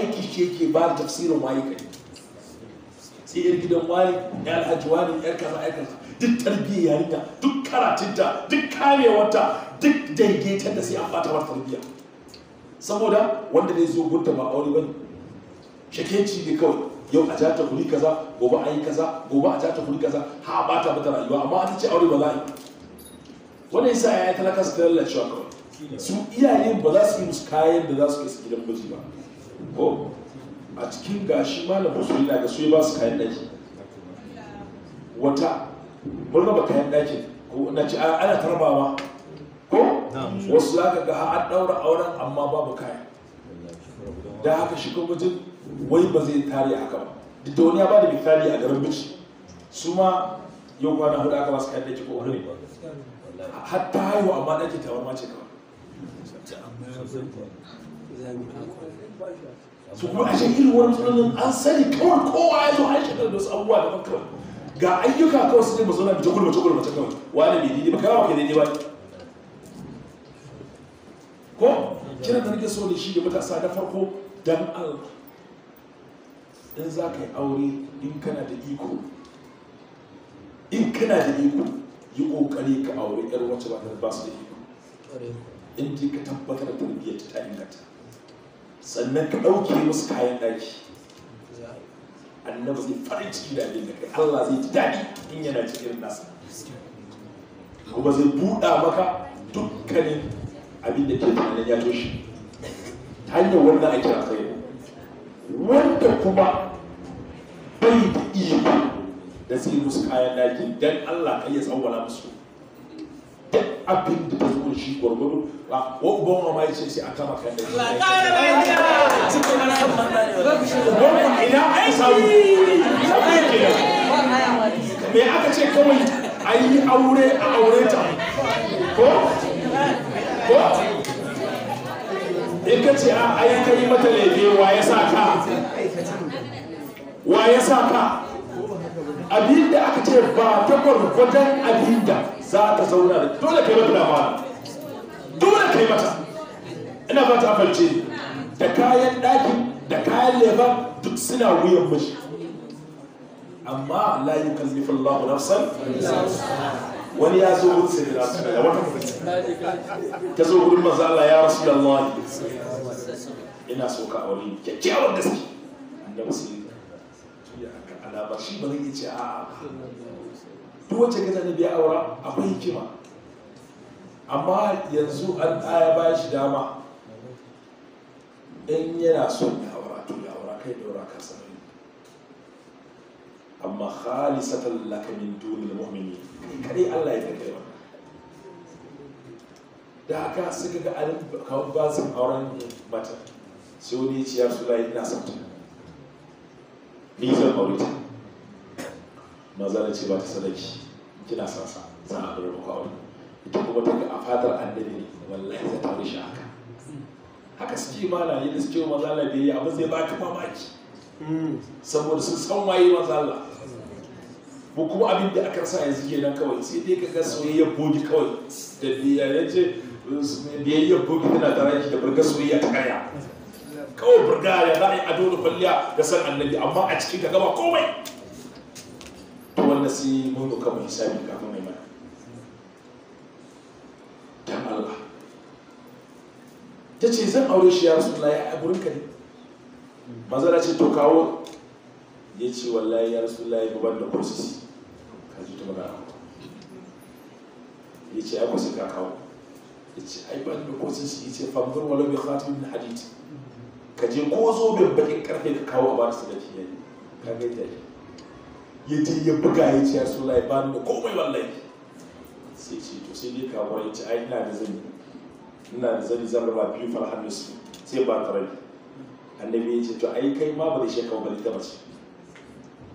aiki shi yake ba da tafsirin waye kai sai yar gidan wani ya alhaji wani yar kaza yar kaza duk tarbiyyar da duk karatunta duk ta duk daidaitar da sai an bata wata tarbiyya saboda wanda zai zo gunta ba aure bane shakenci ne kawai yau a jata kuri kaza gobe a yi kaza gobe a jata kuri kaza ha ba ta bata rayuwa amma ta ce aure ba za a yi wannan yasa ya yi talaka su ta lallacewa kawai su iyayen ba za su yi musu kayan da za su kai su gidan miji ba ko a cikin gashi malam musulmi na ga su ba su kayan daki wata mun raba kayan daki ko na ci ana tarbawa ko wasu za ka ga an daura auren amma babu kaya da haka shi ko jin wai ba zai tare haka ba duk da wani ya ba da misali a garin bici su ma yau kwana hudu aka ba su kayan daki ko wani hatta haihu amma daki ma ce kawai su kuma ashe irin wani an sani kawai kowa ya zo an shekar da wasu abubuwa da kawai ga ayyuka kawai su ne ba zauna mace gulmace gulmace kawai wani bai daidai ba kawai ba daidai ba ko kiran da nake so da shi da matasa na farko dan Allah in za ka yi aure in kana da iko in kana da iko yi kokari ka aure yar wacce ba ta ba su da iko in ka tabbatar da tarbiyyar ta inganta sannan ka ɗauke musu kayan ɗaki annabi zai farin ciki da abin da kai Allah zai ji daɗi in yana cikin nasa kuma zai buɗa maka dukkanin abin da ke tunanin ya toshe hanyar wannan ake kai wanda kuma bai da iko da zai musu kayan ɗaki dan Allah kai ya tsawwala musu abin da ta zuwa shi gwargwado a wani bawa ma ya ce a kama kan da shi ina aka samu me aka ce kawai a yi aure a aure ta ko ko in ka ce a yi mata wa ya sa ka wa ya sa ka abinda aka ce ba ta gwargwadon da. za ta zauna da dole ka yi mata dama dole ka yi mata ina ba ta afalce da kayan ɗaki da kayan leba duk suna wuyan mashi amma la yukallifu na san. wani ya zo wurin sai da da wata ta zo wurin manzo Allah ya rasulullahi ina so ka aure kyakkyawan gaske annabi sai ya aka alaba shi ba zai ce a'a duk wacce ka zani biya aura akwai hikima amma yanzu an ɗaya ba shi dama in yana son ya aura to ya aura kai daura ka sanar amma khalisatan laka min dunil mu'minin kai Allah ya kai ba da haka suka ga kawai ba su auren mata sai wani ya ce ya sulai ina son ni zan aure ta mazala ce ba ta sadaki kina sasa za a bar maka aure ita kuma ta a fatar annabi ne wallahi za ta shi haka haka suke mala ne da suke mazala da yi abin zai baki mamaki saboda sun san waye mazala mu kuma abin da aka sa yanzu kenan kawai sai dai ka ga soyayyar bogi kawai da biyayyar ce biyayyar bogi tana tare da burga soyayya ta kaya kawai burga ya za a yi ado da kwalliya da san annabi amma a cikin ka gaba komai to wannan sai mun roƙa kama hisabi kafin mai mana dan Allah ta ce zan aure shi ya rasulullah ya a burinka ne mazara ce to kawo ya ce wallahi ya rasulullah ya gaban da kursus ka ji ta magana ya ce ai kursus ka kawo ya ce ai ban da kursus ya ce famdur wala bi khatim min hadid ka je ko zo bin bakin karfe ka kawo a ba su da sadaki yayi ka gaida shi ya je ya buga ya ce ya lai ba da komai wallahi sai ce to sai dai kawo ya ce ai ina da zani ina da zani zan raba biyu farhan nisu sai ba ta rai annabi ya ce to ai kai ma ba da shekau ba ta mace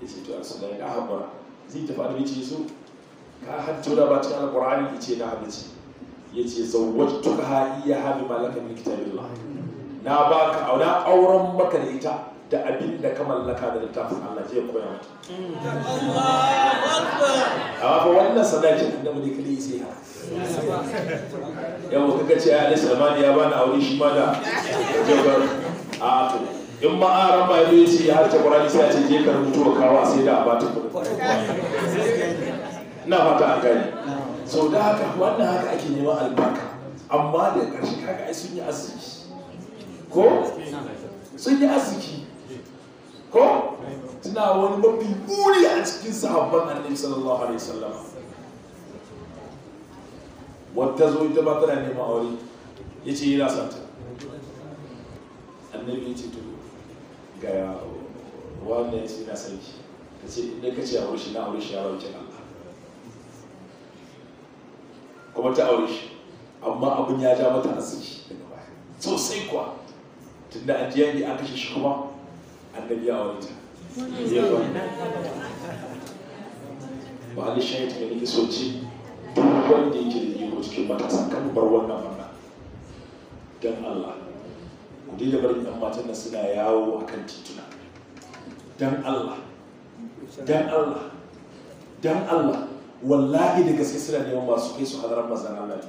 ya ce to asu lai ya haɓura zai tafi annabi ce so ka hajjo da ba cikin alƙur'ani ya ce na halice ya ce zawwattu ka iya habi malaka min kitabillah na baka auna auren maka da ita da abin da ka mallaka da littafin Allah zai koya mata mm. amma fa wannan sadakin da ne kali sai ha yau kaga ce ya Salman ya bani aure shi ma da jabar a to in ma a raba ya ce ya harce Qur'ani sai ce je ka rubuto kawo sai da abata Na fata an gani sau da haka wannan haka ake neman albarka amma da ƙarshe kaga ai sun yi arziki ko sun yi arziki ko tana wani mafi buri a cikin sahabban annabi sallallahu alaihi wasallam wata zo ita ba tana neman aure ya ce yana santa annabi ya ce to ga wanda ya ce na san ki ta ce idan ka ce aure shi na aure shi ya rauke Allah kuma ta aure shi amma abin ya ja mata asiri daga baya sosai kuwa tunda an da yadda aka shi kuma annabi ya aure ta yawa ba ali shahid ne nake so ci. duk wanda yake da iko cikin matasa kan bar wannan wannan dan Allah ku dinga barin ɗan matan nan suna yawo kan tituna dan Allah dan Allah dan Allah wallahi da gaske suna neman masu kai su hadaran mazan Allah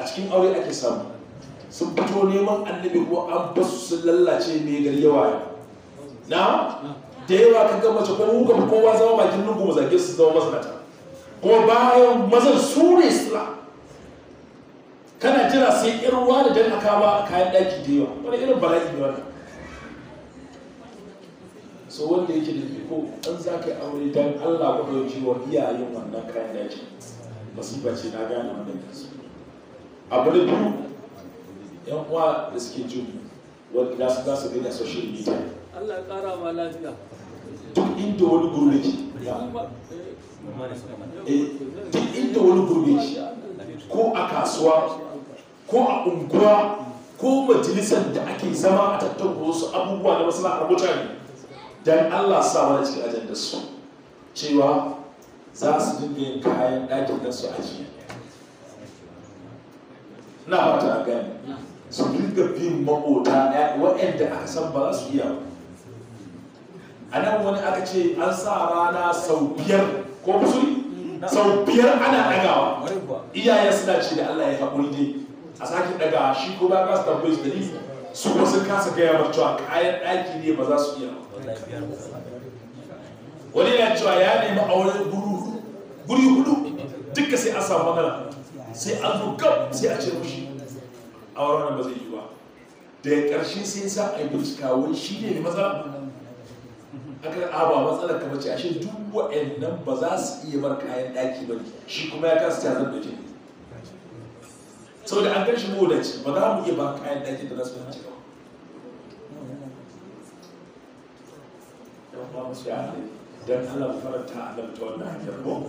a cikin aure ake samu sun fito neman annabi ko an basu sun lallace ne gari yawa na da yawa ka ga mace ko muka kowa zama bakin lungu zage su zama mazinata kuma bayan mazan su ne kana jira sai irin ruwa da dan aka ba kayan daki da yawa wani irin bala'i da wannan so wanda yake da ko an zaka yi aure dan Allah ku dauki wa iyayen wannan kayan daki masifa ce na gane wannan yanzu abu da duk yan uwa da suke jin wanda za su gina social media Allah ƙara ma lafiya duk inda wani gurbe ki eh, duk inda wani gurbe ko a kasuwa ko a unguwa ko majalisar da ake zama a tattauna wasu abubuwa na maslahar mutane dan Allah sa mana cikin ajandar su cewa za su dinga yin kayan ɗakin nan su ajiye na fata gani su dinga bin maƙota waɗanda aka san ba za su iya ba a nan wani aka ce an sa rana sau biyar ko musulmi sau biyar ana ɗagawa iyayen suna ce da Allah ya haƙuri ne a sake ɗaga shi ko ba ka su tambaye su dalili su ko sun kasa gaya wa cewa kayan ɗaki ne ba za su iya wani yana cewa ya nemi auren guri hudu duka sai an samu magana sai an zo gab sai a ce mushi auren nan ba zai yi ba da ƙarshe sai sa a yi bincika wani shi ne matsala haka a ba matsalar ka bace ashe duk wa'annan ba za su iya bar kayan daki ba shi kuma ya kasa tazar da jini saboda an gan shi mawadaci ba za mu iya ba kayan daki da za su hanci ba dan Allah mu faranta Allah ta wannan hanyar ko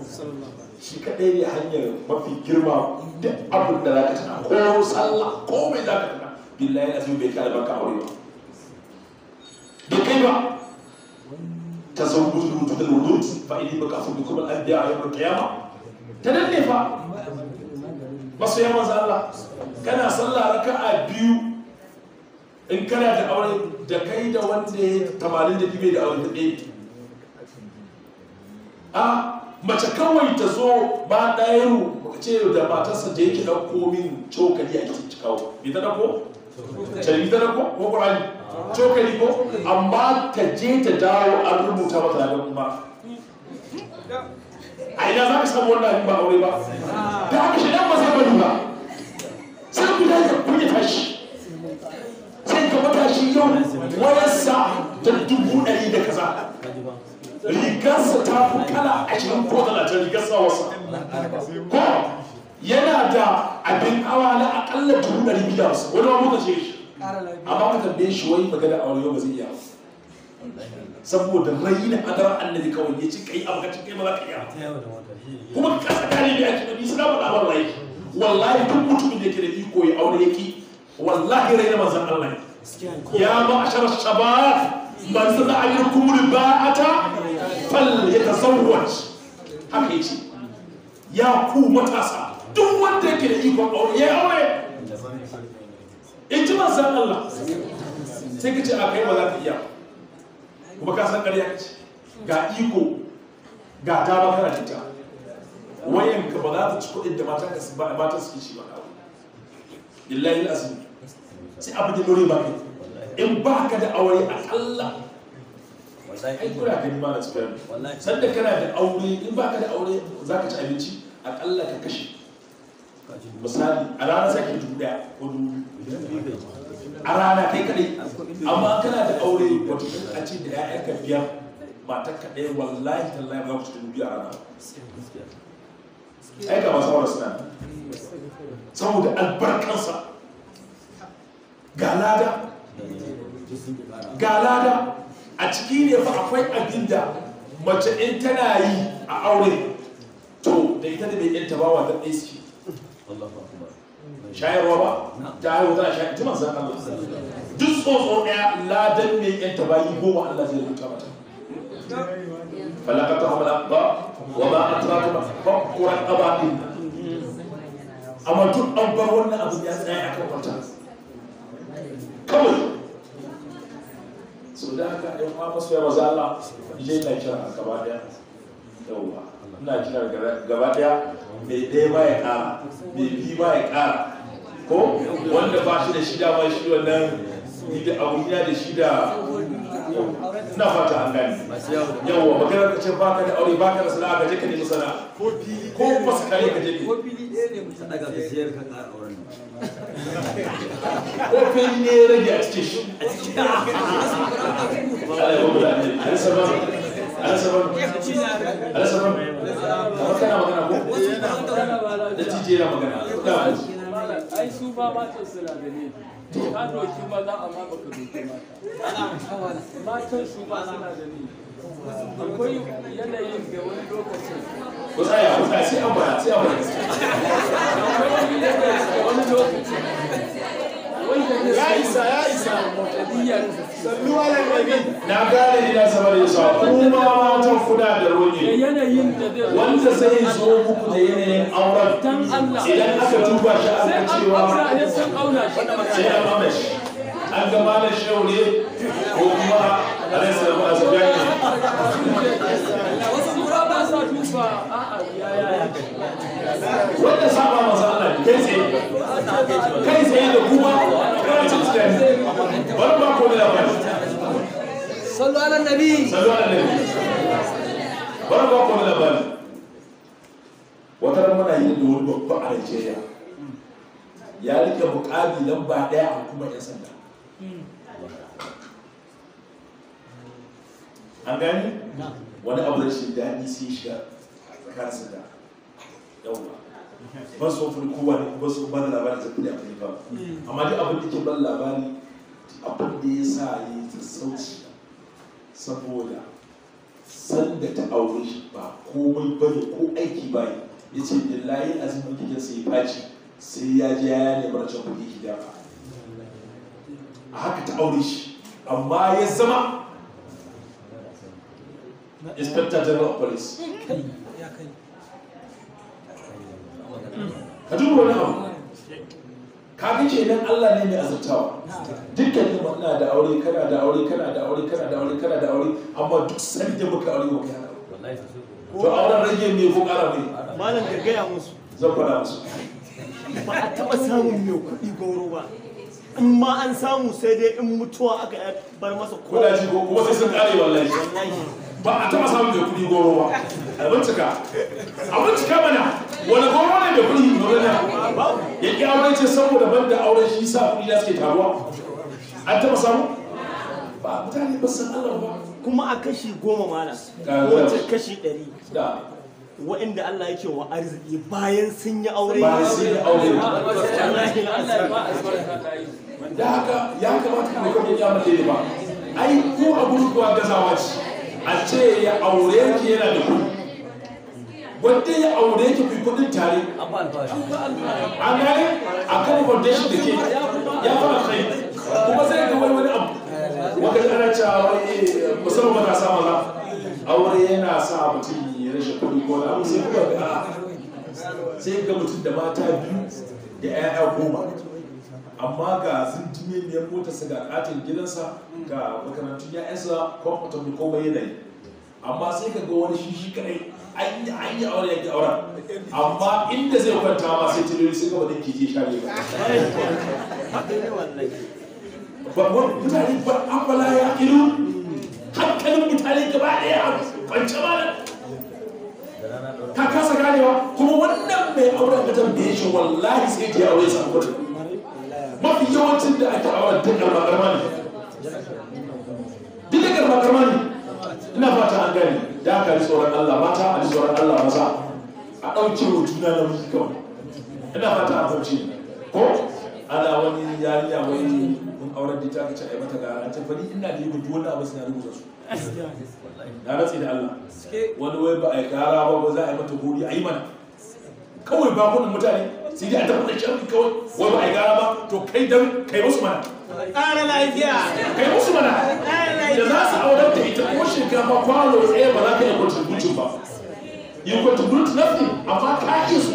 shi kadai ne hanyar mafi girma inda abin da ka tana ko sallah ko mai ka tana billahi azim bai kai albarka aure ba bai kai ba ta san gudun mutum wudu ba ilimi ba kafin dukkan al'adiyya a yau kiyama ta danne fa ba su yamma Allah kana sallah raka a biyu in kana da aure da kai da wanda ya da kibe da aure da a mace kawai ta zo ba ɗaya yaro ce da matarsa da yake ɗauko min cokali a cikin cikawa bai ta ɗauko carbi ta ko ko ƙur'ani cokali ko amma ta je ta dawo an rubuta mata da ba a ina za ka samu wannan ba aure ba da haka shi dan ba zai bari ba sai ku da ku ya tashi sai ka matashi yau wayarsa ta dubu ɗari da kaza rigarsa ta fi kala ashirin ko talatin rigarsa wasa ko yana da abin awa na akalla dubu ɗari biyu da wasu wani wani lokaci shi amma ka tambaye shi wai magana a wani ba zai iya saboda raina adara annabi kawai ya ci kai abu ka ci kai ba za ka iya kuma ka tsakani da yake nabi suna faɗa wallahi wallahi duk mutumin da ke da iko ya aure yake wallahi raina manzon Allah ya ma a ma'ashar shabab man sada'a minkum ta fal ya ta yatazawwaj haka ya ce ya ku matasa duk wanda yake da ikon aure ya aure in ji manzan Allah sai ka ce a kai ba za ka iya kuma ka san ƙarya ce ga iko ga dama kana da ta wayan ka ba za ta ci kuɗin da mata ka mata suke shi ba billahi azim sai abu da dore ba kai in ba ka da aure a Allah? ai kura ka ni ma na tsayar sanda kana da aure in ba ka da aure za ka ci abinci akalla ka kashe misali a rana sai ka dubu daya ko dubu a rana kai kadai amma kana da aure wato a ce da ya'ya ka biyar matar ka ɗaya wallahi tallahi ba ku cikin biya rana ai ga masu aure suna saboda albarkansa ga lada ga lada a ciki ne fa akwai abin da mace in tana yi a aure to da ita da bai yanta ba wa ta ɗaya shayarwa ba ta haihu tana shayar ji manzan Allah duk tsotso ɗaya ladan ne yan tabayi goma Allah zai rubuta mata falakata hamala ba wa ba a tura Ba bakkuran abadin amma duk an bar wannan abin ya tsaya a kan kwanta kawai sau da haka ɗan kwa masu yawa za Allah na kira a gaba ɗaya yauwa ina kira gaba ɗaya mai ɗaya ba ya ƙara mai biyu ba ya ƙara ko wanda ba shi da shida ba shi wannan ni da da shida na fata an gani yawa maganar ka ce ka da aure ka da sana, ka je ka nemi sana, ko kuma su kare ka je ko fili ɗaya ne mutum daga gajiyar ka ƙara auren ko fili ne rage a cikin shi a cikin ya bamu da ne a alasabar alasabar kamar kana ka doki maza amma baka doki mata matan su ya isa ya isa mutadiyar sallu ala nabi na gane ina sama da yasa kuma matan kuna da roƙi wanda sai zo muku da yanayin auren idan aka duba shi aka cewa sai an shi an ga shi yau ne ko kuma alai salamu a sabiyaki wanda saba masa Allah kai tsaye kai sallu ala nabi sallu ala nabi bari ba kuma labari wata muna yin da wani babban a Najeriya ya rike bukami lamba daya a hukumar yan sanda an gani wani abu da shi ni sai shiga kansa da yawa ba su wani kowa ne ba su ba da labari da kudi a kai ba amma duk abin da ke ban labari abin da ya sa ya yi sassauci saboda sanda ta aure ba komai bane ko aiki ba ya ce billahi azumin kike sai faci sai ya je ya ne barcin kuɗi ki dafa a haka ta aure shi amma ya zama inspector general of police ka duba wani abu ce kenan Allah ne mai azurtawa dukkan mu ina da aure kana da aure kana da aure kana da aure kana da aure amma duk sani da muka aure muka yana to auren rage ne ko kara mai malam ka gaya musu zan faɗa musu ba a taɓa samun mai kuɗi goro ba in ma an samu sai dai in mutuwa aka bar masa ko da ji ko kuma sai sun kare wallahi ba a taba samun mai kuɗi goro ba a bincika a bincika mana wani goro ne da kuɗi ya ƙi aure ce saboda ban da auren shi sa kuɗi na suke taruwa an taɓa samu ba mutane ba san Allah ba kuma a kashi goma mana wata kashi ɗari wa'inda Allah yake wa arziki bayan sun yi aure bayan sun yi aure da haka ya kamata ku kuma ya mace ba ai ko a gudu gazawa ce a ce ya aure ki yana da kuɗi wanda ya aure yake fi kudin tare an gane a kan foundation da ke ya fara kai kuma sai ga wani wani abu wanda ana cewa eh, musamman matasa maza aure yana sa mutum ya rashe kudi ko na abu sai kuma ga sai ga mutum da mata biyu da 'ya'ya goma amma ga zintume ne motarsa ga katin gidansa ga makarantun ya'yansa ko mutum komai yanayi amma sai ka ga wani shi shi kadai an yi aure ya auren amma inda zai kwanta ma sai tiloli sun gaba da kije share ba mutane ba akwala ya ilu hankalin mutane gaba ɗaya a kwance ma ka kasa ganewa kuma wannan mai auren ka tambaye shi wallahi sai ta ya sa kuɗi mafi yawancin da ake auren duk da makarma ne duk ne ina fata an gane da aka ji tsoron Allah mata a tsoron Allah maza a ɗauke wa juna na miji kawai ina fata a ɗauke ko ana wani yarinya wani mun auren da ta ka ce ai mata gara ta fari ina da yiwu duk wani abu suna rubuta su na ratsi da Allah wani wai ba a yi gara ba ba za a yi mata gori a yi mana kawai bakunan mutane sai dai a tabbata shi kawai wai ba a yi gara ba to kai dan kai wasu mana ƙara lafiya kai musu mana da za su aurar da ita ko shinkafa kwano tsaye ba za ka yi contribution ba you contribute nothing amma ka yi su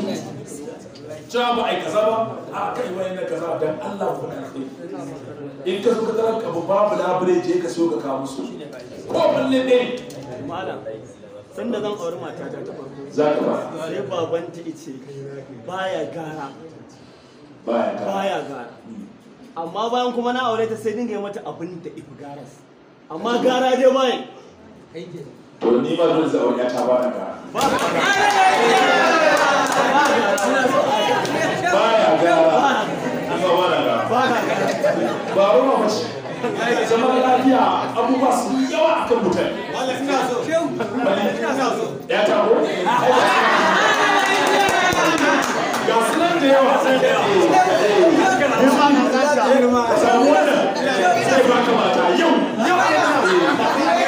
cewa ba a yi kaza ba a kai wani na kaza don Allah ku karfi in ka zo ka tarar abu babu labure je ka so ka kawo su ko balle ne malam da zan auri mata ta ta farko za ka ba sai baban ta ice baya gara baya gara hmm. amma bayan kuma na aure ta sai dinga yi mata abin da ifi garas amma gara dai bai to ni ba zan ya ta ga ba ya ba ga ba zaman lafiya abubuwa su yawa ina so ina so ya ta ga sunan da yawa sai da yawa samu wannan sai ba ka mata yau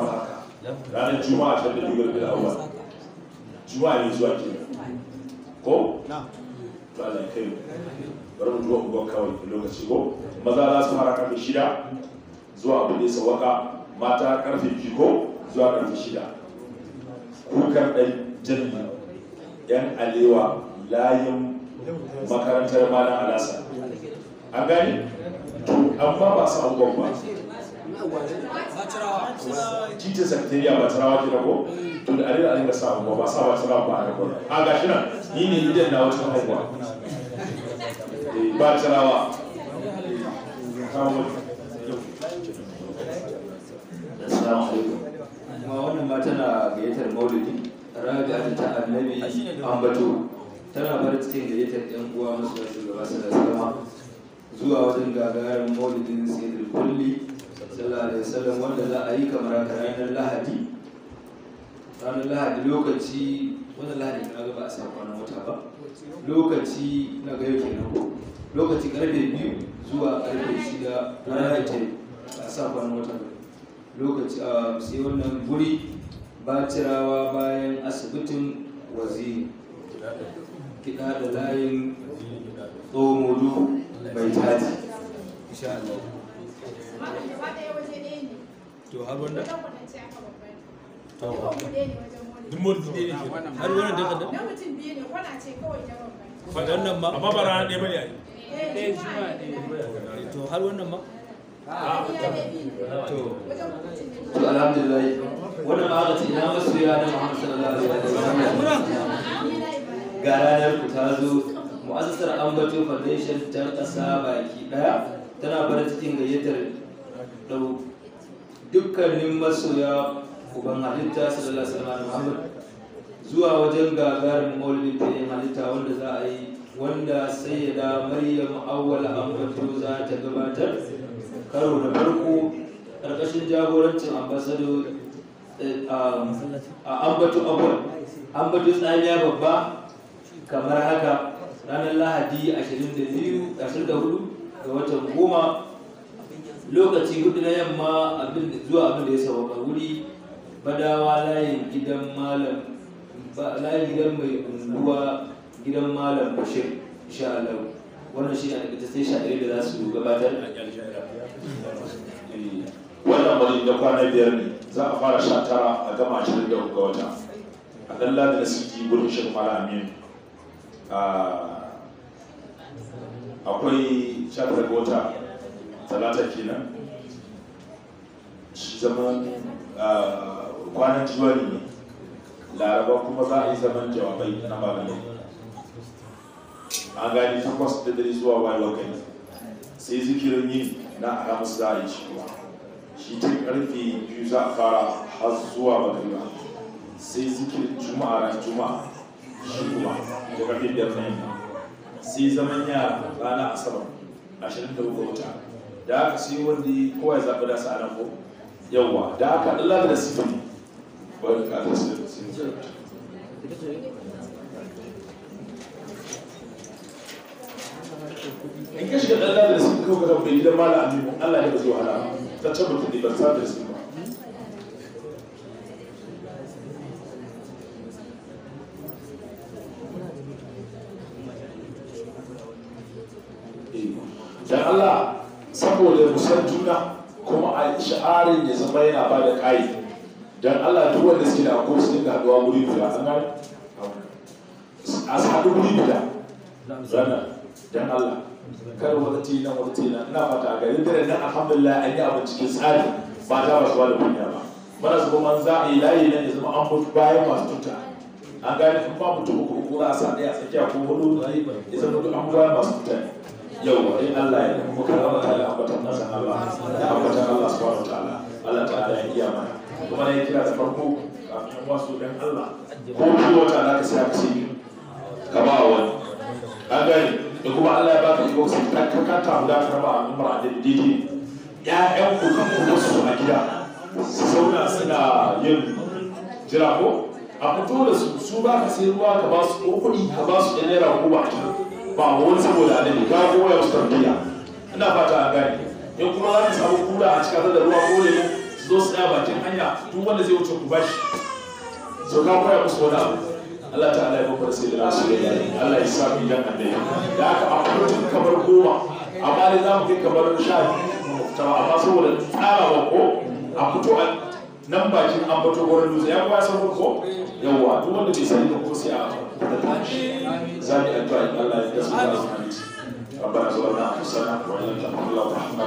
haka ranar juma'a ta da jugar da awwal juma'a ne zuwa ke ko to Allah kai bari mu duba ugon kawai lokaci ko maza za su fara karfe shida zuwa abin da ya sawaka mata karfe biyu ko zuwa karfe shida kukar ɗan jirgi yan alewa layin makarantar malam alasa an gani to amma ba su angon ba titin sakitariya ba tarawa ke rago to da arewa an ga samu ba sa ba tarawa ba a rago a shi nan ni ne idan na wata haihuwa eh, ba tarawa Assalamu alaikum. Kuma wannan ma tana gayyatar maulidi, raga ta annabi ambato tana bar cikin gayyatar ɗan uwa masu shugaba sallallahu alaihi zuwa wajen gagarin maulidin sayyidul kulli sallallahu alaihi wasallam wanda za a yi kamar haka ranar lahadi ranar lahadi lokaci wanda lahadi na gaba a samu kwanan wata ba lokaci na ga yau kenan lokaci karfe biyu zuwa karfe shida na lahadi a sa kwanan wata ba lokaci a sai wannan guri bacirawa bayan asibitin waziri kiɗa da layin tsohon bai taji insha Allah to har wanda duk motsi ɗaya ne har da kadan na da ba rana ɗaya bane ai eh, eh, to har ma ah, ah, to alhamdulillah wannan ma masu ya da Muhammad sallallahu alaihi wasallam ga ta zo mu'assasar kasa baki daya tana fara cikin gayyatar ɗau dukkanin masoya uban halitta sallallahu alaihi wasallam Muhammad zuwa wajen gagarin maulidin fiye halitta wanda za a yi wanda sayyada maryam awwal ambato za ta gabatar karo na farko ƙarƙashin jagorancin ambasado eh, a ambato awwal ambato tsaniya babba kamar haka ranar lahadi 22 ga watan goma lokaci hudu na yamma zuwa abin da ya wa wuri badawa layin gidan malam layin gidan mai unguwa gidan malam bashir insha Allah wannan shi ne daga sai shaɗari da za su gabatar wannan bari da kwana biyar ne za a fara sha tara a gama shirin da ga wata a ɗan ladin siki gurin shirin mala amin ah, akwai sha tara wata talata kenan shi zaman ah, kwanan juwari ne laraba kuma za a yi zaman jawabai na malamai an gani takwas da dare zuwa wani lokaci sai zikirin yin na alhamis za a yi shi kuma shi ta karfe biyu za a fara har zuwa magariba sai zikirin juma'a ran juma'a shi kuma da karfe biyar na yamma sai zaman yara rana asabar ashirin da uku wata da aka sai wani kowa ya zaɓi nasa anan ko yawwa da aka ɗin lafi da sifili bari ka ta sifili in ka shiga ɗan lafi da sifili kawai ka zaɓi gidan malam aminu allah ya ba zuwa wahala ta cabar mutum ne ban sa da sifili kuma yana ba da ƙayi don Allah duk wanda suke da akwai su dinga haɗuwa guri guda an gane a su haɗu guri guda zana don Allah kar wata ce nan wata ce nan ina fata garin dare nan alhamdulillah an yi abin cikin tsari ba ta ba su ba da kunya ba mana su kuma za a yi layi nan ya zama an mutu bayan masu tuta an gane kuma mutu uku uku za a sa ɗaya a tsakiya ko hudu ya zama duk an bayan masu tuta ne yau in Allah ya mu karama ta da ambatan nasa Allah da ambatan Allah subhanahu ta'ala Allah ta'ala ya iya mana kuma na ne kira ta farko kafin wasu dan Allah ko ki wata na ka sai ka ci ka ba wani an gani da kuma Allah ya baka iko sai ka ka ta mu da ka ba al'umma da didi ya'yan ku kan ku wasu a gida su zauna suna yin jira ko a fito da su su ba ka sai ruwa ka ba su kuɗi ka ba su ɗan naira goma a can ba wani saboda annabi ba kowa ya tarbiyya ina fata a gani in kuma za ka samu kura a cikin da ruwa ko ne su zo su daya bakin hanya duk wanda zai wuce ku bashi so ka kwaya musu wani abu Allah ta'ala ya sai da sai da yare Allah ya sa mu yan annabi da aka akwai kamar goma amma ne za mu kai kamar sha biyu amma saboda tsara ko a fito a nan bakin an bato gurin dutse ya kwasa ko ko yawa duk wanda bai sani ko sai a zani addu'a in Allah ya kasu da su ربنا زورنا انفسنا وان لم تغفر لنا وترحمنا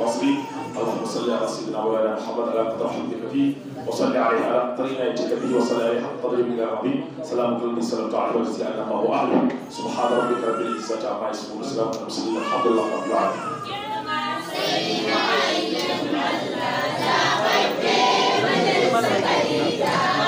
واصبر اللهم صل على سيدنا مولانا محمد على قدر حمدك فيه وصل عليه على طريقنا يجيك به وصل عليه حق طريق من العظيم سلام كل من سلمت عليه وجزي على ما هو اهله سبحان ربك رب العزه عما يصفون وسلام على المرسلين الحمد لله رب العالمين. Yeah.